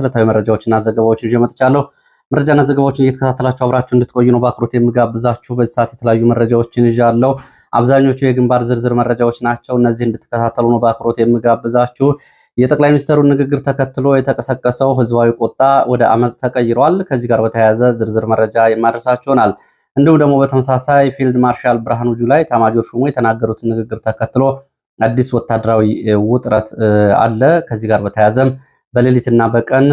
ዕለታዊ መረጃዎችና ዘገባዎችን ይዤ መጥቻለሁ። መረጃና ዘገባዎችን እየተከታተላችሁ አብራችሁ እንድትቆዩ ነው በአክብሮት የምጋብዛችሁ። በዚህ ሰዓት የተለያዩ መረጃዎችን ይዣለሁ። አብዛኞቹ የግንባር ዝርዝር መረጃዎች ናቸው። እነዚህ እንድትከታተሉ ነው በአክብሮት የምጋብዛችሁ። የጠቅላይ ሚኒስትሩን ንግግር ተከትሎ የተቀሰቀሰው ህዝባዊ ቁጣ ወደ አመፅ ተቀይሯል። ከዚህ ጋር በተያያዘ ዝርዝር መረጃ የማደርሳችሁ ይሆናል። እንዲሁም ደግሞ በተመሳሳይ ፊልድ ማርሻል ብርሃኑ ጁላ ኤታማዦር ሹሙ የተናገሩትን ንግግር ተከትሎ አዲስ ወታደራዊ ውጥረት አለ። ከዚህ ጋር በተያያዘም በሌሊትና በቀን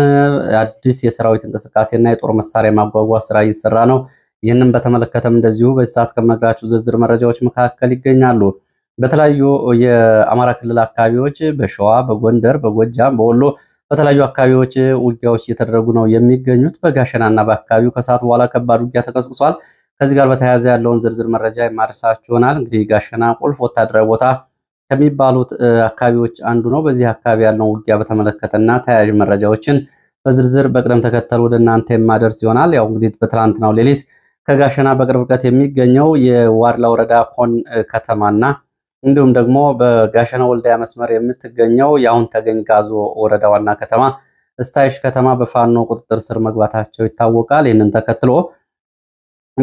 አዲስ የሰራዊት እንቅስቃሴና የጦር መሳሪያ ማጓጓዝ ስራ እየተሰራ ነው። ይህንም በተመለከተም እንደዚሁ በዚህ ሰዓት ከምነግራችሁ ዝርዝር መረጃዎች መካከል ይገኛሉ። በተለያዩ የአማራ ክልል አካባቢዎች በሸዋ፣ በጎንደር፣ በጎጃም፣ በወሎ በተለያዩ አካባቢዎች ውጊያዎች እየተደረጉ ነው የሚገኙት። በጋሸናና በአካባቢው ከሰዓት በኋላ ከባድ ውጊያ ተቀስቅሷል። ከዚህ ጋር በተያያዘ ያለውን ዝርዝር መረጃ የማድረሳችሁ ይሆናል። እንግዲህ ጋሸና ቁልፍ ወታደራዊ ቦታ ከሚባሉት አካባቢዎች አንዱ ነው። በዚህ አካባቢ ያለውን ውጊያ በተመለከተና ተያያዥ መረጃዎችን በዝርዝር በቅደም ተከተል ወደ እናንተ የማደርስ ይሆናል። ያው እንግዲህ በትናንትናው ሌሊት ከጋሸና በቅርብ ርቀት የሚገኘው የዋድላ ወረዳ ኮን ከተማና እንዲሁም ደግሞ በጋሸና ወልዳያ መስመር የምትገኘው የአሁን ተገኝ ጋዞ ወረዳ ዋና ከተማ እስታይሽ ከተማ በፋኖ ቁጥጥር ስር መግባታቸው ይታወቃል። ይህንን ተከትሎ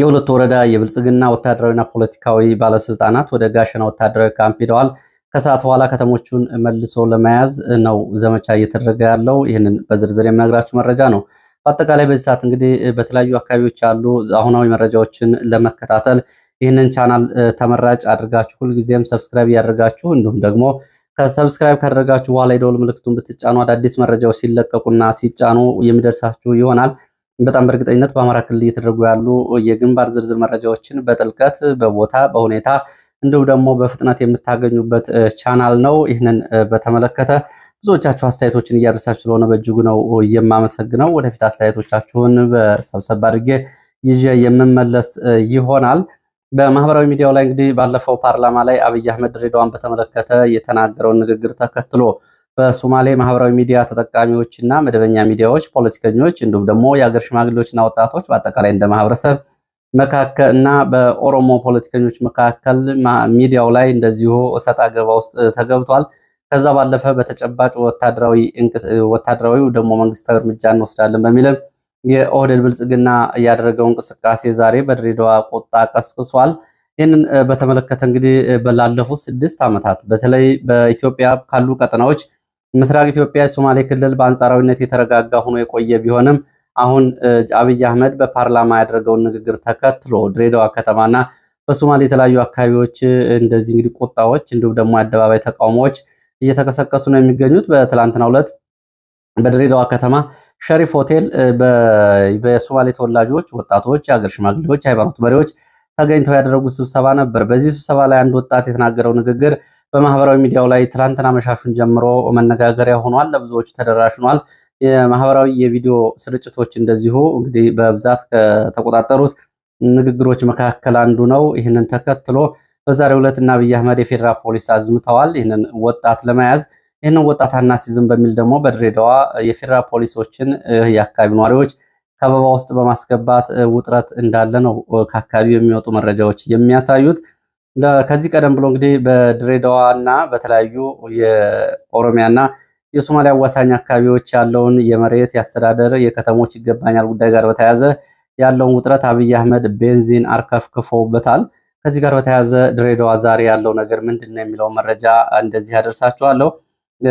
የሁለቱ ወረዳ የብልጽግና ወታደራዊና ፖለቲካዊ ባለስልጣናት ወደ ጋሸና ወታደራዊ ካምፕ ሂደዋል። ከሰዓት በኋላ ከተሞቹን መልሶ ለመያዝ ነው ዘመቻ እየተደረገ ያለው። ይህንን በዝርዝር የምነግራችሁ መረጃ ነው። በአጠቃላይ በዚህ ሰዓት እንግዲህ በተለያዩ አካባቢዎች ያሉ አሁናዊ መረጃዎችን ለመከታተል ይህንን ቻናል ተመራጭ አድርጋችሁ ሁልጊዜም ሰብስክራይብ እያደርጋችሁ እንዲሁም ደግሞ ከሰብስክራይብ ካደረጋችሁ በኋላ የደወል ምልክቱን ብትጫኑ አዳዲስ መረጃዎች ሲለቀቁና ሲጫኑ የሚደርሳችሁ ይሆናል። በጣም በእርግጠኝነት በአማራ ክልል እየተደረጉ ያሉ የግንባር ዝርዝር መረጃዎችን በጥልቀት በቦታ በሁኔታ እንዲሁም ደግሞ በፍጥነት የምታገኙበት ቻናል ነው። ይህንን በተመለከተ ብዙዎቻችሁ አስተያየቶችን እያደረሳችሁ ስለሆነ በእጅጉ ነው የማመሰግነው። ወደፊት አስተያየቶቻችሁን በሰብሰብ አድርጌ ይዤ የምመለስ ይሆናል። በማህበራዊ ሚዲያው ላይ እንግዲህ ባለፈው ፓርላማ ላይ አብይ አህመድ ድሬዳዋን በተመለከተ የተናገረውን ንግግር ተከትሎ በሶማሌ ማህበራዊ ሚዲያ ተጠቃሚዎች እና መደበኛ ሚዲያዎች፣ ፖለቲከኞች እንዲሁም ደግሞ የሀገር ሽማግሌዎችና ወጣቶች በአጠቃላይ እንደ ማህበረሰብ መካከል እና በኦሮሞ ፖለቲከኞች መካከል ሚዲያው ላይ እንደዚሁ እሰጥ አገባ ውስጥ ተገብቷል። ከዛ ባለፈ በተጨባጭ ወታደራዊ ደግሞ መንግስታዊ እርምጃ እንወስዳለን በሚልም የኦህዴድ ብልጽግና ያደረገው እንቅስቃሴ ዛሬ በድሬዳዋ ቁጣ ቀስቅሷል። ይህንን በተመለከተ እንግዲህ በላለፉት ስድስት ዓመታት በተለይ በኢትዮጵያ ካሉ ቀጠናዎች ምስራቅ ኢትዮጵያ የሶማሌ ክልል በአንጻራዊነት የተረጋጋ ሆኖ የቆየ ቢሆንም አሁን አብይ አህመድ በፓርላማ ያደረገውን ንግግር ተከትሎ ድሬዳዋ ከተማና በሶማሌ የተለያዩ አካባቢዎች እንደዚህ እንግዲህ ቁጣዎች እንዲሁም ደግሞ አደባባይ ተቃውሞዎች እየተቀሰቀሱ ነው የሚገኙት። በትላንትናው ዕለት በድሬዳዋ ከተማ ሸሪፍ ሆቴል በሶማሌ ተወላጆች፣ ወጣቶች፣ የሀገር ሽማግሌዎች፣ የሃይማኖት መሪዎች ተገኝተው ያደረጉት ስብሰባ ነበር። በዚህ ስብሰባ ላይ አንድ ወጣት የተናገረው ንግግር በማህበራዊ ሚዲያው ላይ ትላንትና መሻሹን ጀምሮ መነጋገሪያ ሆኗል። ለብዙዎቹ ተደራሽ ሆኗል። የማህበራዊ የቪዲዮ ስርጭቶች እንደዚሁ እንግዲህ በብዛት ከተቆጣጠሩት ንግግሮች መካከል አንዱ ነው። ይህንን ተከትሎ በዛሬው ዕለት እና አብይ አህመድ የፌዴራል ፖሊስ አዝምተዋል ይህንን ወጣት ለመያዝ ይህንን ወጣት አናሲዝም በሚል ደግሞ በድሬዳዋ የፌዴራል ፖሊሶችን የአካባቢ ነዋሪዎች ከበባ ውስጥ በማስገባት ውጥረት እንዳለ ነው ከአካባቢው የሚወጡ መረጃዎች የሚያሳዩት። ከዚህ ቀደም ብሎ እንግዲህ በድሬዳዋ እና በተለያዩ የኦሮሚያና የሶማሊያ አዋሳኝ አካባቢዎች ያለውን የመሬት የአስተዳደር የከተሞች ይገባኛል ጉዳይ ጋር በተያያዘ ያለውን ውጥረት አብይ አህመድ ቤንዚን አርከፍክፎበታል። ከዚህ ጋር በተያያዘ ድሬዳዋ ዛሬ ያለው ነገር ምንድን ነው የሚለው መረጃ እንደዚህ ያደርሳችኋለሁ።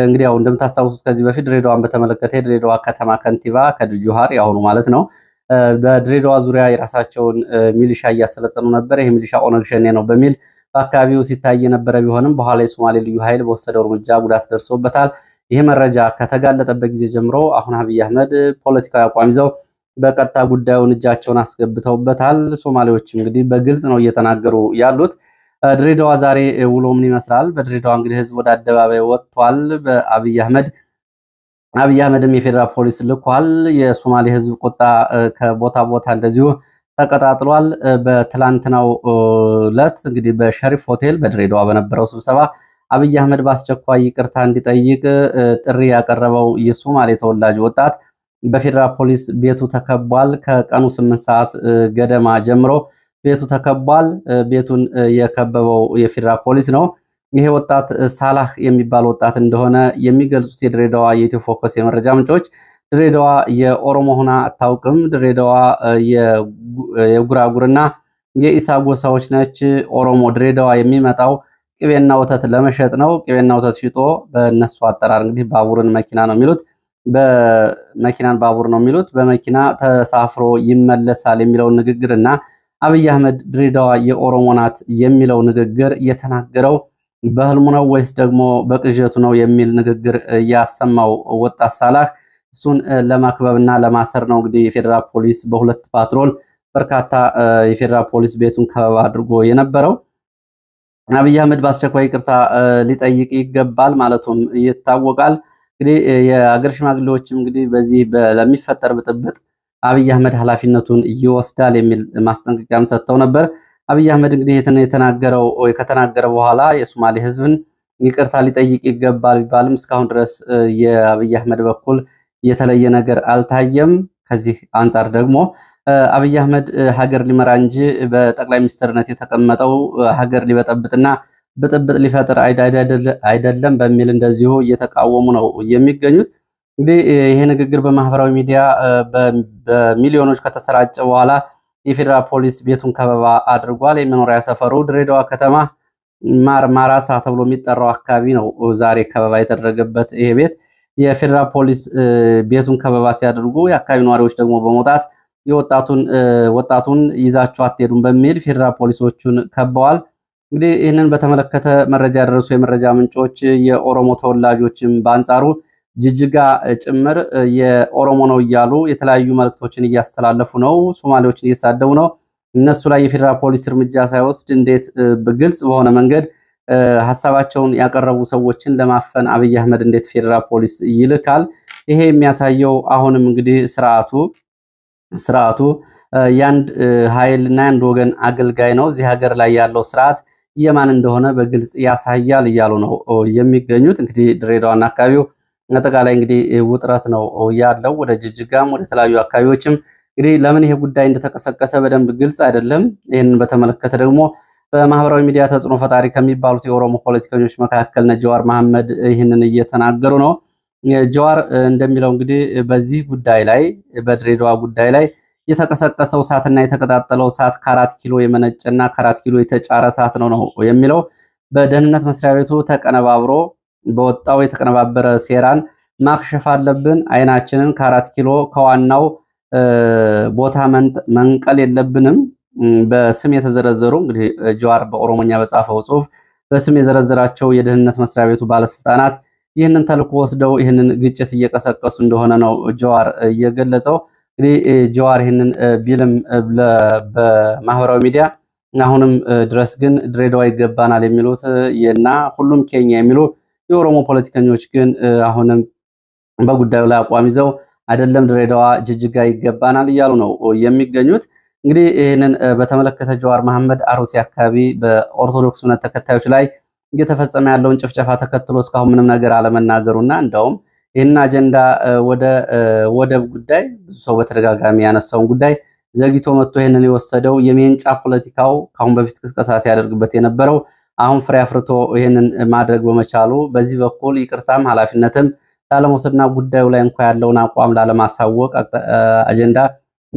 እንግዲህ ያው እንደምታስታውሱት ከዚህ በፊት ድሬዳዋን በተመለከተ የድሬዳዋ ከተማ ከንቲባ ከድር ጁሃር ማለት ነው በድሬዳዋ ዙሪያ የራሳቸውን ሚሊሻ እያሰለጠኑ ነበር። ይህ ሚሊሻ ኦነግ ሸኔ ነው በሚል በአካባቢው ሲታይ የነበረ ቢሆንም በኋላ የሶማሌ ልዩ ኃይል በወሰደው እርምጃ ጉዳት ደርሶበታል። ይህ መረጃ ከተጋለጠበት ጊዜ ጀምሮ አሁን አብይ አህመድ ፖለቲካዊ አቋም ይዘው በቀጥታ ጉዳዩን እጃቸውን አስገብተውበታል። ሶማሌዎች እንግዲህ በግልጽ ነው እየተናገሩ ያሉት። ድሬዳዋ ዛሬ ውሎ ምን ይመስላል? በድሬዳዋ እንግዲህ ህዝብ ወደ አደባባይ ወጥቷል። በአብይ አህመድ አብይ አህመድም የፌዴራል ፖሊስ ልኳል። የሶማሌ ህዝብ ቁጣ ከቦታ ቦታ እንደዚሁ ተቀጣጥሏል። በትላንትናው ዕለት እንግዲህ በሸሪፍ ሆቴል በድሬዳዋ በነበረው ስብሰባ አብይ አህመድ በአስቸኳይ ይቅርታ እንዲጠይቅ ጥሪ ያቀረበው የሶማሌ ተወላጅ ወጣት በፌዴራል ፖሊስ ቤቱ ተከቧል። ከቀኑ ስምንት ሰዓት ገደማ ጀምሮ ቤቱ ተከቧል። ቤቱን የከበበው የፌዴራል ፖሊስ ነው። ይሄ ወጣት ሳላህ የሚባል ወጣት እንደሆነ የሚገልጹት የድሬዳዋ የኢትዮ ፎከስ የመረጃ ምንጮች ድሬዳዋ የኦሮሞ ሆና አታውቅም፣ ድሬዳዋ የጉራጉርና የኢሳ ጎሳዎች ነች፣ ኦሮሞ ድሬዳዋ የሚመጣው ቅቤና ወተት ለመሸጥ ነው። ቅቤና ወተት ሽጦ በእነሱ አጠራር እንግዲህ ባቡርን መኪና ነው የሚሉት፣ በመኪናን ባቡር ነው የሚሉት። በመኪና ተሳፍሮ ይመለሳል የሚለው ንግግር እና አብይ አህመድ ድሬዳዋ የኦሮሞ ናት የሚለው ንግግር የተናገረው በህልሙ ነው ወይስ ደግሞ በቅዠቱ ነው የሚል ንግግር ያሰማው ወጣት ሳላህ እሱን ለማክበብና ለማሰር ነው እንግዲህ የፌዴራል ፖሊስ በሁለት ፓትሮል በርካታ የፌዴራል ፖሊስ ቤቱን ከበባ አድርጎ የነበረው። አብይ አህመድ በአስቸኳይ ይቅርታ ሊጠይቅ ይገባል ማለቱም ይታወቃል። እንግዲህ የአገር ሽማግሌዎችም እንግዲህ በዚህ ለሚፈጠር ብጥብጥ አብይ አህመድ ኃላፊነቱን ይወስዳል የሚል ማስጠንቀቂያም ሰጥተው ነበር። አብይ አህመድ እንግዲህ የተናገረው ከተናገረ በኋላ የሶማሌ ህዝብን ይቅርታ ሊጠይቅ ይገባል ቢባልም እስካሁን ድረስ የአብይ አህመድ በኩል የተለየ ነገር አልታየም። ከዚህ አንጻር ደግሞ አብይ አህመድ ሀገር ሊመራ እንጂ በጠቅላይ ሚኒስትርነት የተቀመጠው ሀገር ሊበጠብጥና ብጥብጥ ሊፈጥር አይደለም በሚል እንደዚሁ እየተቃወሙ ነው የሚገኙት። እንግዲህ ይሄ ንግግር በማህበራዊ ሚዲያ በሚሊዮኖች ከተሰራጨ በኋላ የፌዴራል ፖሊስ ቤቱን ከበባ አድርጓል። የመኖሪያ ሰፈሩ ድሬዳዋ ከተማ ማራሳ ተብሎ የሚጠራው አካባቢ ነው ዛሬ ከበባ የተደረገበት። ይሄ ቤት የፌዴራል ፖሊስ ቤቱን ከበባ ሲያደርጉ የአካባቢ ነዋሪዎች ደግሞ በመውጣት የወጣቱን ወጣቱን ይዛችሁ አትሄዱም በሚል ፌዴራል ፖሊሶቹን ከበዋል። እንግዲህ ይህንን በተመለከተ መረጃ ያደረሱ የመረጃ ምንጮች የኦሮሞ ተወላጆችም በአንጻሩ ጅጅጋ ጭምር የኦሮሞ ነው እያሉ የተለያዩ መልእክቶችን እያስተላለፉ ነው። ሶማሌዎችን እየሳደቡ ነው። እነሱ ላይ የፌዴራል ፖሊስ እርምጃ ሳይወስድ እንዴት በግልጽ በሆነ መንገድ ሀሳባቸውን ያቀረቡ ሰዎችን ለማፈን አብይ አህመድ እንዴት ፌዴራል ፖሊስ ይልካል? ይሄ የሚያሳየው አሁንም እንግዲህ ስርዓቱ ስርዓቱ የአንድ ኃይልና የአንድ ወገን አገልጋይ ነው። እዚህ ሀገር ላይ ያለው ስርዓት የማን እንደሆነ በግልጽ ያሳያል እያሉ ነው የሚገኙት። እንግዲህ ድሬዳዋና አካባቢው አጠቃላይ እንግዲህ ውጥረት ነው ያለው። ወደ ጅጅጋም ወደ ተለያዩ አካባቢዎችም እንግዲህ ለምን ይሄ ጉዳይ እንደተቀሰቀሰ በደንብ ግልጽ አይደለም። ይህንን በተመለከተ ደግሞ በማህበራዊ ሚዲያ ተጽዕኖ ፈጣሪ ከሚባሉት የኦሮሞ ፖለቲከኞች መካከል ነጀዋር መሐመድ ይህንን እየተናገሩ ነው። ጀዋር እንደሚለው እንግዲህ በዚህ ጉዳይ ላይ በድሬዳዋ ጉዳይ ላይ የተቀሰቀሰው እሳትና የተቀጣጠለው እሳት ከአራት ኪሎ የመነጨና ከአራት ኪሎ የተጫረ እሳት ነው ነው የሚለው በደህንነት መስሪያ ቤቱ ተቀነባብሮ በወጣው የተቀነባበረ ሴራን ማክሸፍ አለብን። አይናችንን ከአራት ኪሎ ከዋናው ቦታ መንቀል የለብንም። በስም የተዘረዘሩ እንግዲህ ጀዋር በኦሮሞኛ በጻፈው ጽሁፍ በስም የዘረዘራቸው የደህንነት መስሪያ ቤቱ ባለስልጣናት ይህንን ተልኮ ወስደው ይህንን ግጭት እየቀሰቀሱ እንደሆነ ነው ጀዋር እየገለጸው። እንግዲህ ጀዋር ይህንን ቢልም በማህበራዊ ሚዲያ አሁንም ድረስ ግን ድሬዳዋ ይገባናል የሚሉት እና ሁሉም ኬንያ የሚሉ የኦሮሞ ፖለቲከኞች ግን አሁንም በጉዳዩ ላይ አቋም ይዘው አይደለም ድሬዳዋ ጅጅጋ ይገባናል እያሉ ነው የሚገኙት። እንግዲህ ይህንን በተመለከተ ጀዋር መሐመድ አሩሲ አካባቢ በኦርቶዶክስ እምነት ተከታዮች ላይ እየተፈጸመ ያለውን ጭፍጨፋ ተከትሎ እስካሁን ምንም ነገር አለመናገሩና እንደውም ይህን አጀንዳ ወደ ወደብ ጉዳይ ብዙ ሰው በተደጋጋሚ ያነሳውን ጉዳይ ዘግይቶ መጥቶ ይህንን የወሰደው የሜንጫ ፖለቲካው ከአሁን በፊት ቅስቀሳ ሲያደርግበት የነበረው አሁን ፍሬ አፍርቶ ይህንን ማድረግ በመቻሉ በዚህ በኩል ይቅርታም ኃላፊነትም ላለመውሰድና ጉዳዩ ላይ እንኳ ያለውን አቋም ላለማሳወቅ አጀንዳ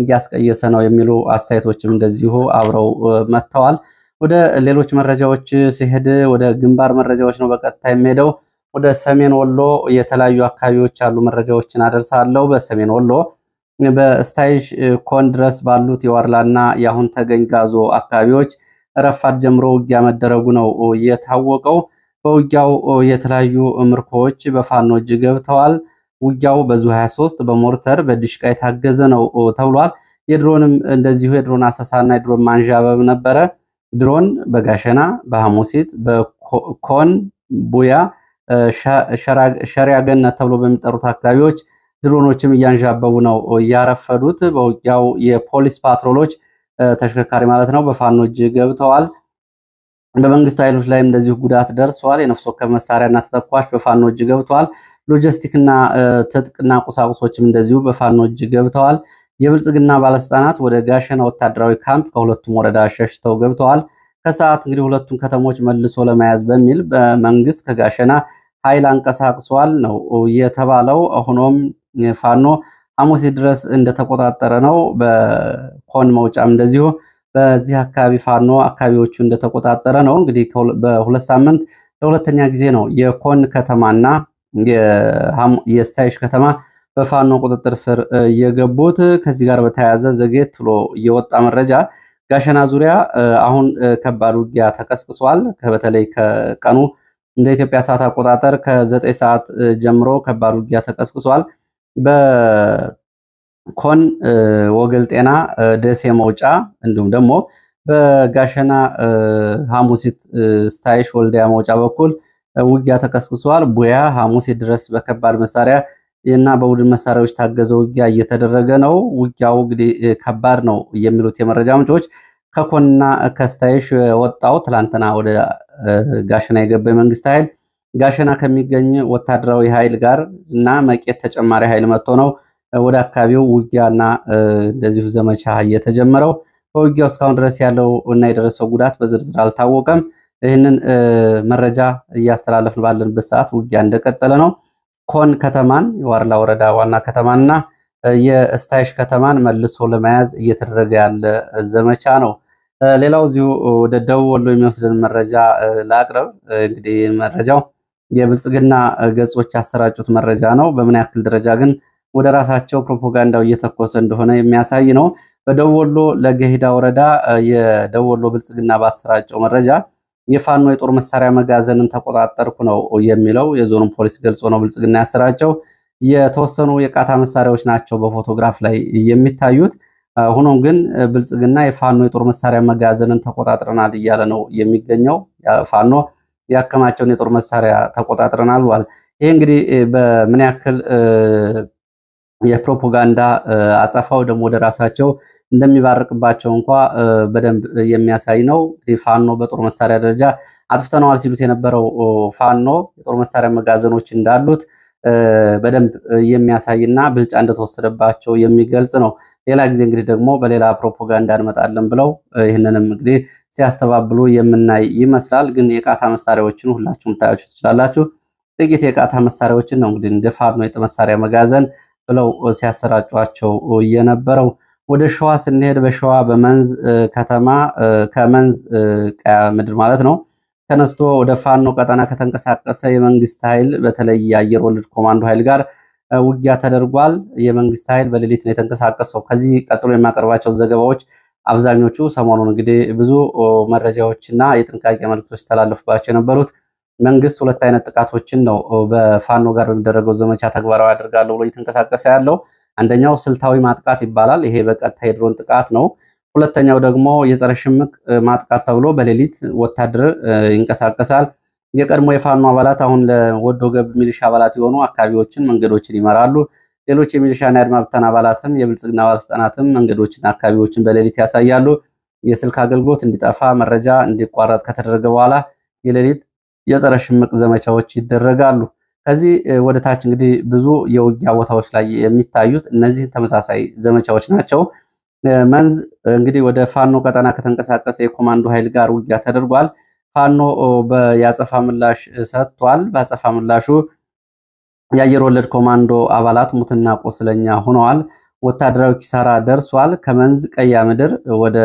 እያስቀየሰ ነው የሚሉ አስተያየቶችም እንደዚሁ አብረው መጥተዋል። ወደ ሌሎች መረጃዎች ሲሄድ ወደ ግንባር መረጃዎች ነው በቀጥታ የሚሄደው። ወደ ሰሜን ወሎ የተለያዩ አካባቢዎች ያሉ መረጃዎችን አደርሳለሁ። በሰሜን ወሎ በስታይሽ ኮን ድረስ ባሉት የዋርላና የአሁን ተገኝ ጋዞ አካባቢዎች ረፋድ ጀምሮ ውጊያ መደረጉ ነው የታወቀው። በውጊያው የተለያዩ ምርኮዎች በፋኖ እጅ ገብተዋል። ውጊያው በዙ 23 በሞርተር በዲሽቃ የታገዘ ነው ተብሏል። የድሮንም እንደዚሁ የድሮን አሰሳና የድሮን ማንዣበብ ነበረ። ድሮን በጋሸና በሐሙሲት በኮን ቡያ ሸሪያገነ ተብሎ በሚጠሩት አካባቢዎች ድሮኖችም እያንዣበቡ ነው እያረፈዱት በውጊያው የፖሊስ ፓትሮሎች ተሽከርካሪ ማለት ነው በፋኖ እጅ ገብተዋል። በመንግስት ኃይሎች ላይም እንደዚሁ ጉዳት ደርሷል። የነፍስ ወከፍ እና ተተኳሽ በፋኖ እጅ ገብተዋል። ሎጂስቲክና ትጥቅና ቁሳቁሶችም እንደዚሁ በፋኖ እጅ ገብተዋል። የብልጽግና ባለስልጣናት ወደ ጋሸና ወታደራዊ ካምፕ ከሁለቱም ወረዳ ሸሽተው ገብተዋል። ከሰዓት እንግዲህ ሁለቱን ከተሞች መልሶ ለመያዝ በሚል በመንግስት ከጋሸና ኃይል አንቀሳቅሷል ነው የተባለው። ሆኖም ፋኖ ሐሙስ ድረስ እንደተቆጣጠረ ነው። በኮን መውጫም እንደዚሁ በዚህ አካባቢ ፋኖ አካባቢዎቹ እንደተቆጣጠረ ነው። እንግዲህ በሁለት ሳምንት ለሁለተኛ ጊዜ ነው የኮን ከተማና የስታይሽ ከተማ በፋኖ ቁጥጥር ስር የገቡት። ከዚህ ጋር በተያያዘ ዘግየት ብሎ የወጣ መረጃ ጋሸና ዙሪያ አሁን ከባድ ውጊያ ተቀስቅሷል። በተለይ ከቀኑ እንደ ኢትዮጵያ ሰዓት አቆጣጠር ከዘጠኝ ሰዓት ጀምሮ ከባድ ውጊያ ተቀስቅሷል። በኮን ወገል ጤና ደሴ መውጫ እንዲሁም ደግሞ በጋሸና ሐሙሲት ስታይሽ ወልዲያ መውጫ በኩል ውጊያ ተቀስቅሷል። ቡያ ሐሙሲት ድረስ በከባድ መሳሪያ እና በቡድን መሳሪያዎች ታገዘ ውጊያ እየተደረገ ነው። ውጊያው እንግዲህ ከባድ ነው የሚሉት የመረጃ ምንጮች ከኮና ከስታይሽ ወጣው ትላንትና ወደ ጋሸና የገባ የመንግስት ኃይል ጋሸና ከሚገኝ ወታደራዊ ኃይል ጋር እና መቄት ተጨማሪ ኃይል መጥቶ ነው ወደ አካባቢው ውጊያና እንደዚሁ ዘመቻ እየተጀመረው። በውጊያው እስካሁን ድረስ ያለው እና የደረሰው ጉዳት በዝርዝር አልታወቀም። ይህንን መረጃ እያስተላለፍን ባለንበት ሰዓት ውጊያ እንደቀጠለ ነው። ኮን ከተማን የዋርላ ወረዳ ዋና ከተማና የእስታይሽ ከተማን መልሶ ለመያዝ እየተደረገ ያለ ዘመቻ ነው። ሌላው እዚሁ ወደ ደቡብ ወሎ የሚወስድን መረጃ ላቅረብ። እንግዲህ መረጃው የብልጽግና ገጾች ያሰራጩት መረጃ ነው። በምን ያክል ደረጃ ግን ወደ ራሳቸው ፕሮፓጋንዳው እየተኮሰ እንደሆነ የሚያሳይ ነው። በደቡብ ወሎ ለገሂዳ ወረዳ የደቡብ ወሎ ብልጽግና ባሰራጨው መረጃ የፋኖ የጦር መሳሪያ መጋዘንን ተቆጣጠርኩ ነው የሚለው የዞኑን ፖሊስ ገልጾ ነው ብልጽግና ያሰራቸው። የተወሰኑ የቃታ መሳሪያዎች ናቸው በፎቶግራፍ ላይ የሚታዩት። ሆኖም ግን ብልጽግና የፋኖ የጦር መሳሪያ መጋዘንን ተቆጣጥረናል እያለ ነው የሚገኘው። ፋኖ ያከማቸውን የጦር መሳሪያ ተቆጣጥረናል ብሏል። እንግዲህ በምን ያክል የፕሮፓጋንዳ አጸፋው ደግሞ ወደ ራሳቸው እንደሚባርቅባቸው እንኳ በደንብ የሚያሳይ ነው። ፋኖ በጦር መሳሪያ ደረጃ አጥፍተነዋል ሲሉት የነበረው ፋኖ የጦር መሳሪያ መጋዘኖች እንዳሉት በደንብ የሚያሳይና ብልጫ እንደተወሰደባቸው የሚገልጽ ነው። ሌላ ጊዜ እንግዲህ ደግሞ በሌላ ፕሮፓጋንዳ እንመጣለን ብለው ይህንንም እንግዲህ ሲያስተባብሉ የምናይ ይመስላል። ግን የቃታ መሳሪያዎችን ሁላችሁም ታያችሁ ትችላላችሁ። ጥቂት የቃታ መሳሪያዎችን ነው እንግዲህ እንደ ፋኖ የጦር መሳሪያ መጋዘን ብለው ሲያሰራጯቸው የነበረው። ወደ ሸዋ ስንሄድ በሸዋ በመንዝ ከተማ ከመንዝ ቀያ ምድር ማለት ነው ተነስቶ ወደ ፋኖ ቀጠና ከተንቀሳቀሰ የመንግስት ኃይል በተለይ የአየር ወለድ ኮማንዶ ኃይል ጋር ውጊያ ተደርጓል። የመንግስት ኃይል በሌሊት ነው የተንቀሳቀሰው። ከዚህ ቀጥሎ የማቀርባቸው ዘገባዎች አብዛኞቹ ሰሞኑን እንግዲህ ብዙ መረጃዎችና የጥንቃቄ መልክቶች ተላለፉባቸው የነበሩት መንግስት ሁለት አይነት ጥቃቶችን ነው በፋኖ ጋር በሚደረገው ዘመቻ ተግባራዊ አድርጋለሁ ብሎ እየተንቀሳቀሰ ያለው። አንደኛው ስልታዊ ማጥቃት ይባላል። ይሄ በቀጥታ የድሮን ጥቃት ነው። ሁለተኛው ደግሞ የጸረ ሽምቅ ማጥቃት ተብሎ በሌሊት ወታደር ይንቀሳቀሳል። የቀድሞ የፋኖ አባላት አሁን ለወዶ ገብ ሚሊሻ አባላት የሆኑ አካባቢዎችን፣ መንገዶችን ይመራሉ። ሌሎች የሚሊሻና የአድማ ብተን አባላትም የብልጽግና ባለስልጣናትም መንገዶችን፣ አካባቢዎችን በሌሊት ያሳያሉ። የስልክ አገልግሎት እንዲጠፋ መረጃ እንዲቋረጥ ከተደረገ በኋላ የሌሊት የጸረ ሽምቅ ዘመቻዎች ይደረጋሉ። ከዚህ ወደ ታች እንግዲህ ብዙ የውጊያ ቦታዎች ላይ የሚታዩት እነዚህ ተመሳሳይ ዘመቻዎች ናቸው። መንዝ እንግዲህ ወደ ፋኖ ቀጠና ከተንቀሳቀሰ የኮማንዶ ኃይል ጋር ውጊያ ተደርጓል። ፋኖ የአጸፋ ምላሽ ሰጥቷል። በአጸፋ ምላሹ የአየር ወለድ ኮማንዶ አባላት ሙትና ቆስለኛ ሆነዋል። ወታደራዊ ኪሳራ ደርሷል። ከመንዝ ቀያ ምድር ወደ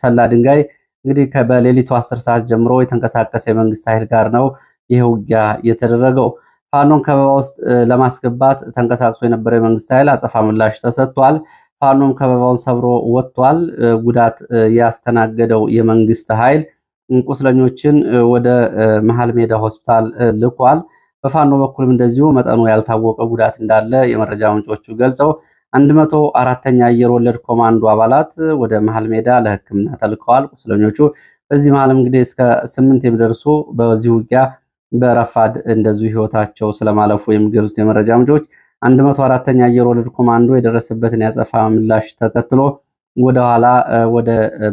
ሰላ ድንጋይ እንግዲህ በሌሊቱ አስር ሰዓት ጀምሮ የተንቀሳቀሰ የመንግስት ኃይል ጋር ነው ይህ ውጊያ የተደረገው። ፋኖን ከበባ ውስጥ ለማስገባት ተንቀሳቅሶ የነበረው የመንግስት ኃይል አጸፋ ምላሽ ተሰጥቷል። ፋኖም ከበባውን ሰብሮ ወጥቷል። ጉዳት ያስተናገደው የመንግስት ኃይል ቁስለኞችን ወደ መሀል ሜዳ ሆስፒታል ልኳል። በፋኖ በኩልም እንደዚሁ መጠኑ ያልታወቀ ጉዳት እንዳለ የመረጃ ምንጮቹ ገልጸው አንድ መቶ አራተኛ አየር ወለድ ኮማንዶ አባላት ወደ መሀል ሜዳ ለሕክምና ተልከዋል። ቁስለኞቹ በዚህ መሀልም እንግዲህ እስከ ስምንት የሚደርሱ በዚህ ውጊያ በረፋድ እንደዚሁ ህይወታቸው ስለማለፉ የሚገልጹት የመረጃ ምንጮች አንድ መቶ አራተኛ አየር ወለድ ኮማንዶ የደረሰበትን ያጸፋ ምላሽ ተከትሎ ወደኋላ ወደ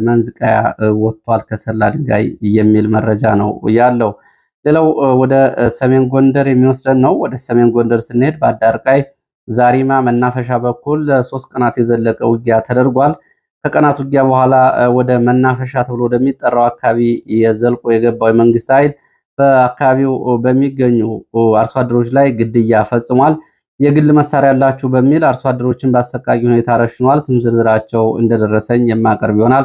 መንዝቃያ ወጥቷል ከሰላ ድንጋይ የሚል መረጃ ነው ያለው። ሌላው ወደ ሰሜን ጎንደር የሚወስደን ነው። ወደ ሰሜን ጎንደር ስንሄድ በአዳርቃይ ዛሪማ መናፈሻ በኩል ለሶስት ቀናት የዘለቀ ውጊያ ተደርጓል። ከቀናት ውጊያ በኋላ ወደ መናፈሻ ተብሎ ወደሚጠራው አካባቢ የዘልቆ የገባው የመንግስት ኃይል በአካባቢው በሚገኙ አርሶ አደሮች ላይ ግድያ ፈጽሟል። የግል መሳሪያ ያላችሁ በሚል አርሶ አደሮችን በአሰቃቂ ሁኔታ ረሽኗል። ስም ዝርዝራቸው እንደደረሰኝ የማቀርብ ይሆናል።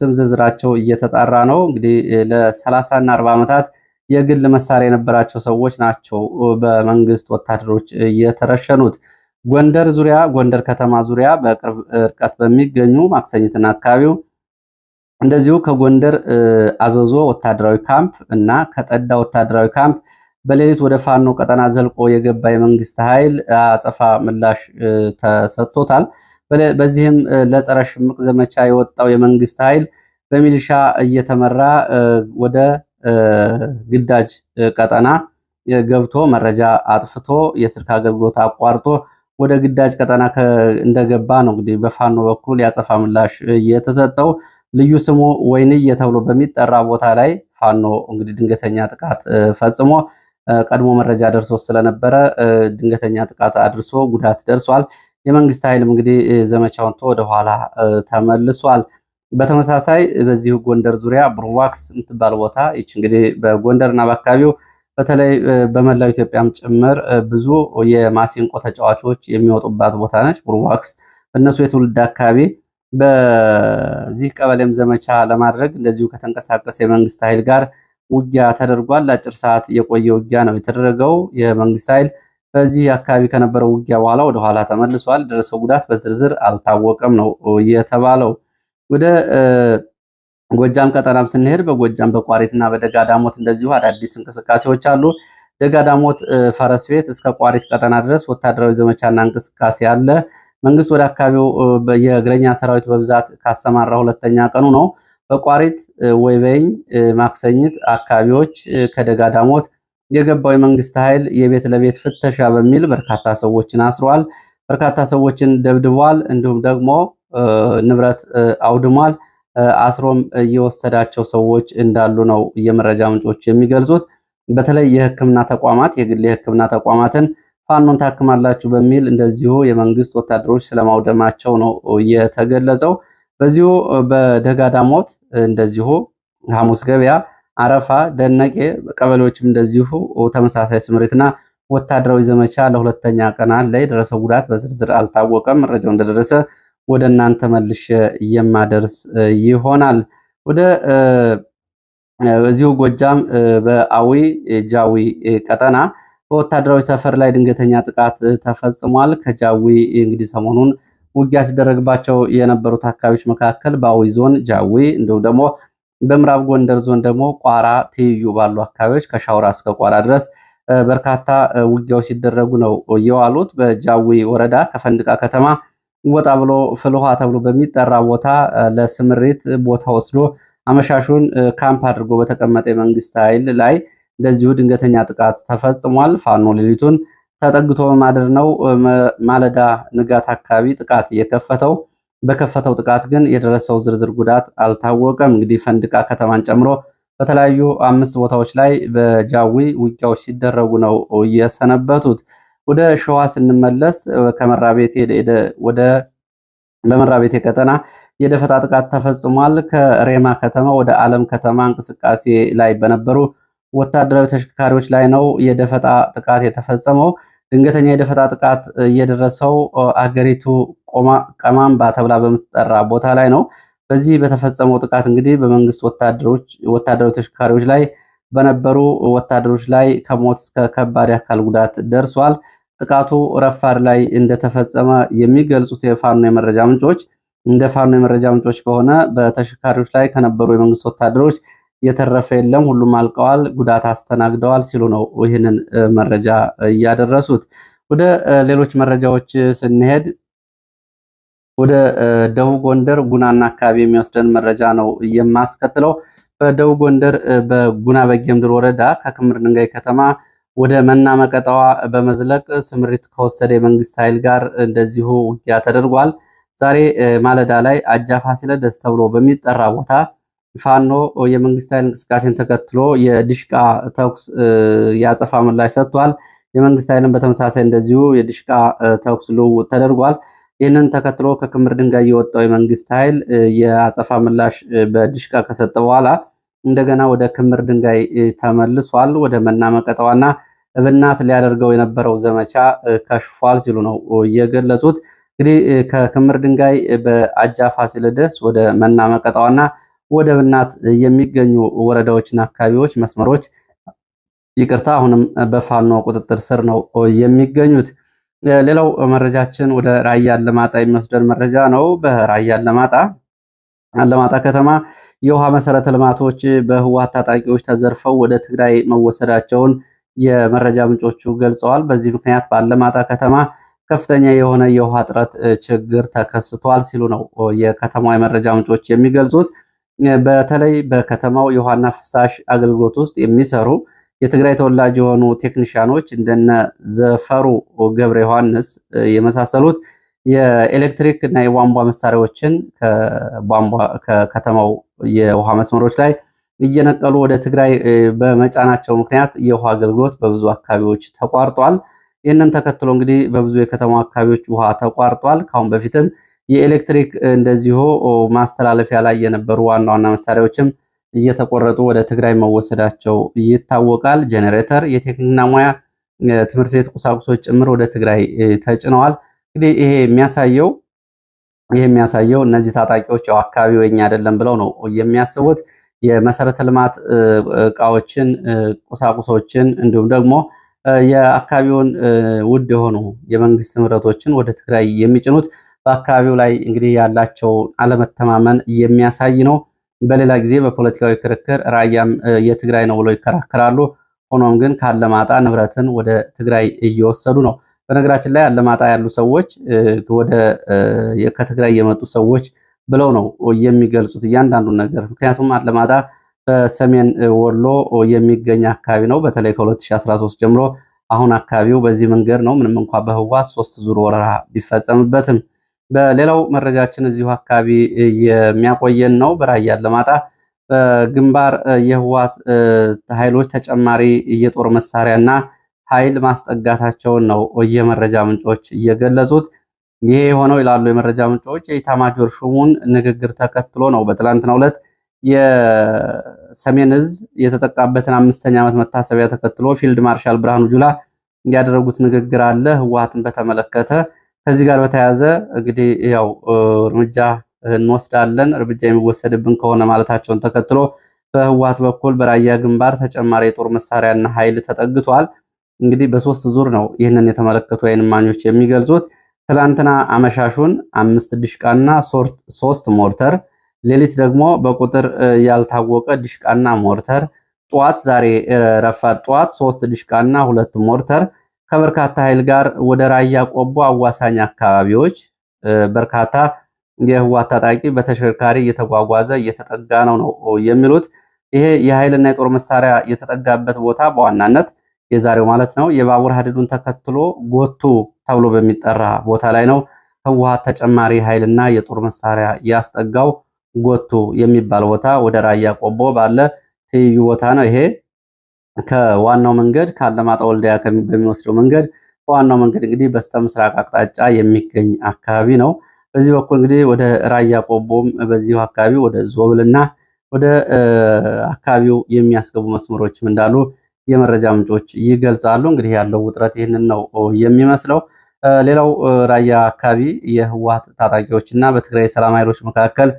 ስም ዝርዝራቸው እየተጣራ ነው። እንግዲህ ለሰላሳ እና አርባ ዓመታት የግል መሳሪያ የነበራቸው ሰዎች ናቸው በመንግስት ወታደሮች የተረሸኑት። ጎንደር ዙሪያ ጎንደር ከተማ ዙሪያ በቅርብ ርቀት በሚገኙ ማክሰኝትና አካባቢው እንደዚሁ ከጎንደር አዘዞ ወታደራዊ ካምፕ እና ከጠዳ ወታደራዊ ካምፕ በሌሊት ወደ ፋኖ ቀጠና ዘልቆ የገባ የመንግስት ኃይል አጸፋ ምላሽ ተሰጥቶታል። በዚህም ለጸረ ሽምቅ ዘመቻ የወጣው የመንግስት ኃይል በሚሊሻ እየተመራ ወደ ግዳጅ ቀጠና ገብቶ መረጃ አጥፍቶ የስልክ አገልግሎት አቋርጦ ወደ ግዳጅ ቀጠና እንደገባ ነው እንግዲህ በፋኖ በኩል ያጸፋ ምላሽ የተሰጠው። ልዩ ስሙ ወይንዬ ተብሎ በሚጠራ ቦታ ላይ ፋኖ እንግዲህ ድንገተኛ ጥቃት ፈጽሞ ቀድሞ መረጃ ደርሶ ስለነበረ ድንገተኛ ጥቃት አድርሶ ጉዳት ደርሷል። የመንግስት ኃይልም እንግዲህ ዘመቻውን ወደኋላ ተመልሷል። በተመሳሳይ በዚሁ ጎንደር ዙሪያ ብሩዋክስ የምትባል ቦታ ይች እንግዲህ በጎንደርና በአካባቢው በተለይ በመላው ኢትዮጵያም ጭምር ብዙ የማሲንቆ ተጫዋቾች የሚወጡባት ቦታ ነች። ብሩዋክስ በእነሱ የትውልድ አካባቢ በዚህ ቀበሌም ዘመቻ ለማድረግ እንደዚሁ ከተንቀሳቀሰ የመንግስት ኃይል ጋር ውጊያ ተደርጓል። ለአጭር ሰዓት የቆየ ውጊያ ነው የተደረገው። የመንግስት ኃይል በዚህ አካባቢ ከነበረው ውጊያ በኋላ ወደኋላ ተመልሷል። ደረሰው ጉዳት በዝርዝር አልታወቀም ነው የተባለው። ወደ ጎጃም ቀጠናም ስንሄድ በጎጃም በቋሪትና በደጋዳሞት እንደዚሁ አዳዲስ እንቅስቃሴዎች አሉ። ደጋዳሞት ፈረስ ቤት እስከ ቋሪት ቀጠና ድረስ ወታደራዊ ዘመቻና እንቅስቃሴ አለ። መንግስት ወደ አካባቢው የእግረኛ ሰራዊት በብዛት ካሰማራ ሁለተኛ ቀኑ ነው። በቋሪት ወይበኝ፣ ማክሰኝት አካባቢዎች ከደጋዳሞት የገባው የመንግስት ኃይል የቤት ለቤት ፍተሻ በሚል በርካታ ሰዎችን አስሯል። በርካታ ሰዎችን ደብድቧል። እንዲሁም ደግሞ ንብረት አውድሟል። አስሮም እየወሰዳቸው ሰዎች እንዳሉ ነው የመረጃ ምንጮች የሚገልጹት። በተለይ የሕክምና ተቋማት የግል የሕክምና ተቋማትን ፋኖን ታክማላችሁ በሚል እንደዚሁ የመንግስት ወታደሮች ስለማውደማቸው ነው የተገለጸው። በዚሁ በደጋዳሞት እንደዚሁ ሐሙስ ገበያ፣ አረፋ፣ ደነቄ ቀበሌዎችም እንደዚሁ ተመሳሳይ ስምሪትና ወታደራዊ ዘመቻ ለሁለተኛ ቀናት ላይ የደረሰው ጉዳት በዝርዝር አልታወቀም። መረጃው እንደደረሰ ወደ እናንተ መልሼ የማደርስ ይሆናል። ወደ እዚሁ ጎጃም በአዊ ጃዊ ቀጠና በወታደራዊ ሰፈር ላይ ድንገተኛ ጥቃት ተፈጽሟል። ከጃዊ እንግዲህ ሰሞኑን ውጊያ ሲደረግባቸው የነበሩት አካባቢዎች መካከል በአዊ ዞን ጃዊ፣ እንዲሁም ደግሞ በምዕራብ ጎንደር ዞን ደግሞ ቋራ ትይዩ ባሉ አካባቢዎች ከሻውራ እስከ ቋራ ድረስ በርካታ ውጊያዎች ሲደረጉ ነው የዋሉት። በጃዊ ወረዳ ከፈንድቃ ከተማ ወጣ ብሎ ፍልውሃ ተብሎ በሚጠራ ቦታ ለስምሪት ቦታ ወስዶ አመሻሹን ካምፕ አድርጎ በተቀመጠ የመንግስት ኃይል ላይ እንደዚሁ ድንገተኛ ጥቃት ተፈጽሟል። ፋኖ ሌሊቱን ተጠግቶ በማደር ነው ማለዳ ንጋት አካባቢ ጥቃት እየከፈተው በከፈተው ጥቃት ግን የደረሰው ዝርዝር ጉዳት አልታወቀም። እንግዲህ ፈንድቃ ከተማን ጨምሮ በተለያዩ አምስት ቦታዎች ላይ በጃዊ ውጊያዎች ሲደረጉ ነው እየሰነበቱት። ወደ ሸዋ ስንመለስ ከመራቤቴ ወደ በመራቤቴ ቀጠና የደፈጣ ጥቃት ተፈጽሟል። ከሬማ ከተማ ወደ አለም ከተማ እንቅስቃሴ ላይ በነበሩ ወታደራዊ ተሽከርካሪዎች ላይ ነው የደፈጣ ጥቃት የተፈጸመው። ድንገተኛ የደፈጣ ጥቃት የደረሰው አገሪቱ ቀማምባ ተብላ በምትጠራ ቦታ ላይ ነው። በዚህ በተፈጸመው ጥቃት እንግዲህ በመንግስት ወታደሮች ወታደራዊ ተሽከርካሪዎች ላይ በነበሩ ወታደሮች ላይ ከሞት እስከ ከባድ አካል ጉዳት ደርሷል። ጥቃቱ ረፋድ ላይ እንደተፈጸመ የሚገልጹት የፋኖ የመረጃ ምንጮች እንደ ፋኖ የመረጃ ምንጮች ከሆነ በተሽከርካሪዎች ላይ ከነበሩ የመንግስት ወታደሮች የተረፈ የለም፣ ሁሉም አልቀዋል፣ ጉዳት አስተናግደዋል ሲሉ ነው ይህንን መረጃ እያደረሱት። ወደ ሌሎች መረጃዎች ስንሄድ ወደ ደቡብ ጎንደር ጉናና አካባቢ የሚወስደን መረጃ ነው የማስከትለው። በደቡብ ጎንደር በጉና በጌምድር ወረዳ ከክምር ድንጋይ ከተማ ወደ መናመቀጠዋ በመዝለቅ ስምሪት ከወሰደ የመንግስት ኃይል ጋር እንደዚሁ ውጊያ ተደርጓል። ዛሬ ማለዳ ላይ አጃ ፋሲለደስ ተብሎ በሚጠራ ቦታ ፋኖ የመንግስት ኃይል እንቅስቃሴን ተከትሎ የድሽቃ ተኩስ ያጸፋ ምላሽ ሰጥቷል። የመንግስት ኃይልን በተመሳሳይ እንደዚሁ የድሽቃ ተኩስ ልውውጥ ተደርጓል። ይህንን ተከትሎ ከክምር ድንጋይ የወጣው የመንግስት ኃይል የአጸፋ ምላሽ በድሽቃ ከሰጠ በኋላ እንደገና ወደ ክምር ድንጋይ ተመልሷል። ወደ መናመቀጠዋና ብናት ሊያደርገው የነበረው ዘመቻ ከሽፏል ሲሉ ነው የገለጹት። እንግዲህ ከክምር ድንጋይ በአጃ ፋሲለደስ ወደ መና መቀጣዋና ወደ ብናት የሚገኙ ወረዳዎችና አካባቢዎች መስመሮች ይቅርታ አሁንም በፋኖ ቁጥጥር ስር ነው የሚገኙት። ሌላው መረጃችን ወደ ራያ አላማጣ የሚወስደን መረጃ ነው። በራያ አላማጣ አላማጣ ከተማ የውሃ መሰረተ ልማቶች በህወሓት ታጣቂዎች ተዘርፈው ወደ ትግራይ መወሰዳቸውን የመረጃ ምንጮቹ ገልጸዋል። በዚህ ምክንያት በአለማጣ ከተማ ከፍተኛ የሆነ የውሃ እጥረት ችግር ተከስቷል ሲሉ ነው የከተማው የመረጃ ምንጮች የሚገልጹት። በተለይ በከተማው የውሃና ፍሳሽ አገልግሎት ውስጥ የሚሰሩ የትግራይ ተወላጅ የሆኑ ቴክኒሽያኖች እንደነ ዘፈሩ ገብረ ዮሐንስ የመሳሰሉት የኤሌክትሪክ እና የቧንቧ መሳሪያዎችን ከከተማው የውሃ መስመሮች ላይ እየነቀሉ ወደ ትግራይ በመጫናቸው ምክንያት የውሃ አገልግሎት በብዙ አካባቢዎች ተቋርጧል። ይህንን ተከትሎ እንግዲህ በብዙ የከተማ አካባቢዎች ውሃ ተቋርጧል። ካሁን በፊትም የኤሌክትሪክ እንደዚሁ ማስተላለፊያ ላይ የነበሩ ዋና ዋና መሳሪያዎችም እየተቆረጡ ወደ ትግራይ መወሰዳቸው ይታወቃል። ጄኔሬተር፣ የቴክኒክና ሙያ ትምህርት ቤት ቁሳቁሶች ጭምር ወደ ትግራይ ተጭነዋል። እንግዲህ ይሄ የሚያሳየው ይሄ የሚያሳየው እነዚህ ታጣቂዎች ያው አካባቢው የኛ አይደለም ብለው ነው የሚያስቡት። የመሰረተ ልማት እቃዎችን፣ ቁሳቁሶችን እንዲሁም ደግሞ የአካባቢውን ውድ የሆኑ የመንግስት ንብረቶችን ወደ ትግራይ የሚጭኑት በአካባቢው ላይ እንግዲህ ያላቸው አለመተማመን የሚያሳይ ነው። በሌላ ጊዜ በፖለቲካዊ ክርክር ራያም የትግራይ ነው ብለው ይከራከራሉ። ሆኖም ግን ከአለማጣ ንብረትን ወደ ትግራይ እየወሰዱ ነው። በነገራችን ላይ አለማጣ ያሉ ሰዎች ወደ ከትግራይ የመጡ ሰዎች ብለው ነው የሚገልጹት እያንዳንዱ ነገር። ምክንያቱም አለማጣ በሰሜን ወሎ የሚገኝ አካባቢ ነው። በተለይ ከ2013 ጀምሮ አሁን አካባቢው በዚህ መንገድ ነው። ምንም እንኳ በህወሓት ሶስት ዙር ወረራ ቢፈጸምበትም በሌላው መረጃችን እዚሁ አካባቢ የሚያቆየን ነው። በራያ አላማጣ በግንባር የህወሓት ኃይሎች ተጨማሪ የጦር መሳሪያና ኃይል ማስጠጋታቸውን ነው የመረጃ ምንጮች እየገለጹት። ይሄ የሆነው ይላሉ የመረጃ ምንጮች የኢታማጆር ሹሙን ንግግር ተከትሎ ነው። በትላንትናው ዕለት የሰሜን እዝ የተጠቃበትን አምስተኛ ዓመት መታሰቢያ ተከትሎ ፊልድ ማርሻል ብርሃኑ ጁላ ያደረጉት ንግግር አለ። ህወሓትን በተመለከተ ከዚህ ጋር በተያያዘ እንግዲህ ያው እርምጃ እንወስዳለን እርምጃ የሚወሰድብን ከሆነ ማለታቸውን ተከትሎ በህወሓት በኩል በራያ ግንባር ተጨማሪ የጦር መሳሪያና ኃይል ተጠግቷል። እንግዲህ በሶስት ዙር ነው ይህንን የተመለከቱ ዓይን እማኞች የሚገልጹት። ትላንትና አመሻሹን አምስት ድሽቃና ሶስት ሞርተር፣ ሌሊት ደግሞ በቁጥር ያልታወቀ ድሽቃና ሞርተር፣ ጠዋት ዛሬ ረፋድ ጠዋት ሶስት ድሽቃና ሁለት ሞርተር ከበርካታ ኃይል ጋር ወደ ራያ ቆቦ አዋሳኝ አካባቢዎች በርካታ የህወሓት ታጣቂ በተሽከርካሪ እየተጓጓዘ እየተጠጋ ነው ነው የሚሉት። ይሄ የኃይልና የጦር መሳሪያ የተጠጋበት ቦታ በዋናነት የዛሬው ማለት ነው። የባቡር ሀዲዱን ተከትሎ ጎቱ ተብሎ በሚጠራ ቦታ ላይ ነው ህወሓት ተጨማሪ ኃይልና የጦር መሳሪያ ያስጠጋው። ጎቱ የሚባል ቦታ ወደ ራያ ቆቦ ባለ ትይዩ ቦታ ነው። ይሄ ከዋናው መንገድ ከአለማጣ ወልዲያ በሚወስደው መንገድ በዋናው መንገድ እንግዲህ በስተ ምስራቅ አቅጣጫ የሚገኝ አካባቢ ነው። በዚህ በኩል እንግዲህ ወደ ራያ ቆቦም በዚሁ አካባቢ ወደ ዞብልና ወደ አካባቢው የሚያስገቡ መስመሮችም እንዳሉ የመረጃ ምንጮች ይገልጻሉ። እንግዲህ ያለው ውጥረት ይህንን ነው የሚመስለው። ሌላው ራያ አካባቢ የህወሓት ታጣቂዎች እና በትግራይ የሰላም ኃይሎች መካከል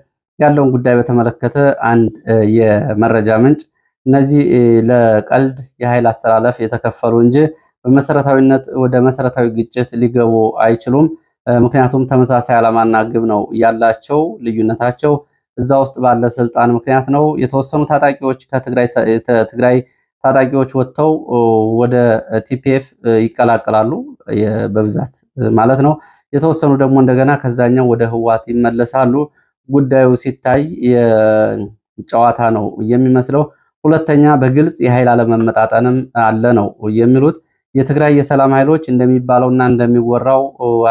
ያለውን ጉዳይ በተመለከተ አንድ የመረጃ ምንጭ እነዚህ ለቀልድ የኃይል አሰላለፍ የተከፈሉ እንጂ በመሰረታዊነት ወደ መሰረታዊ ግጭት ሊገቡ አይችሉም። ምክንያቱም ተመሳሳይ ዓላማና ግብ ነው ያላቸው። ልዩነታቸው እዛ ውስጥ ባለ ስልጣን ምክንያት ነው። የተወሰኑ ታጣቂዎች ከትግራይ ታጣቂዎች ወጥተው ወደ ቲፒኤፍ ይቀላቀላሉ በብዛት ማለት ነው። የተወሰኑ ደግሞ እንደገና ከዛኛው ወደ ህዋት ይመለሳሉ። ጉዳዩ ሲታይ ጨዋታ ነው የሚመስለው። ሁለተኛ በግልጽ የኃይል አለመመጣጠንም አለ ነው የሚሉት። የትግራይ የሰላም ኃይሎች እንደሚባለውና እንደሚወራው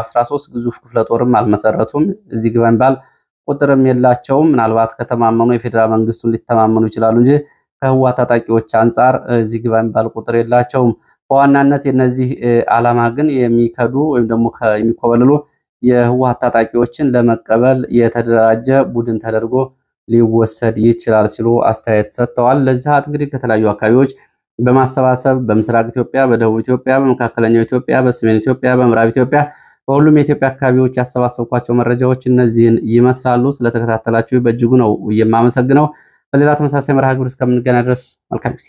13 ግዙፍ ክፍለ ጦርም አልመሰረቱም። እዚህ ግበንባል ቁጥርም የላቸውም። ምናልባት ከተማመኑ የፌዴራል መንግስቱን ሊተማመኑ ይችላሉ እንጂ ከህዋ ታጣቂዎች አንጻር እዚህ ግባ የሚባል ቁጥር የላቸውም። በዋናነት የነዚህ ዓላማ ግን የሚከዱ ወይም ደግሞ የሚኮበልሉ የህወሀት ታጣቂዎችን ለመቀበል የተደራጀ ቡድን ተደርጎ ሊወሰድ ይችላል ሲሉ አስተያየት ሰጥተዋል። ለዚህ ሰዓት እንግዲህ ከተለያዩ አካባቢዎች በማሰባሰብ በምስራቅ ኢትዮጵያ፣ በደቡብ ኢትዮጵያ፣ በመካከለኛው ኢትዮጵያ፣ በሰሜን ኢትዮጵያ፣ በምዕራብ ኢትዮጵያ፣ በሁሉም የኢትዮጵያ አካባቢዎች ያሰባሰብኳቸው መረጃዎች እነዚህን ይመስላሉ። ስለተከታተላችሁ በእጅጉ ነው የማመሰግነው። በሌላ ተመሳሳይ መርሃ ግብር እስከምንገና ድረስ መልካም ጊዜ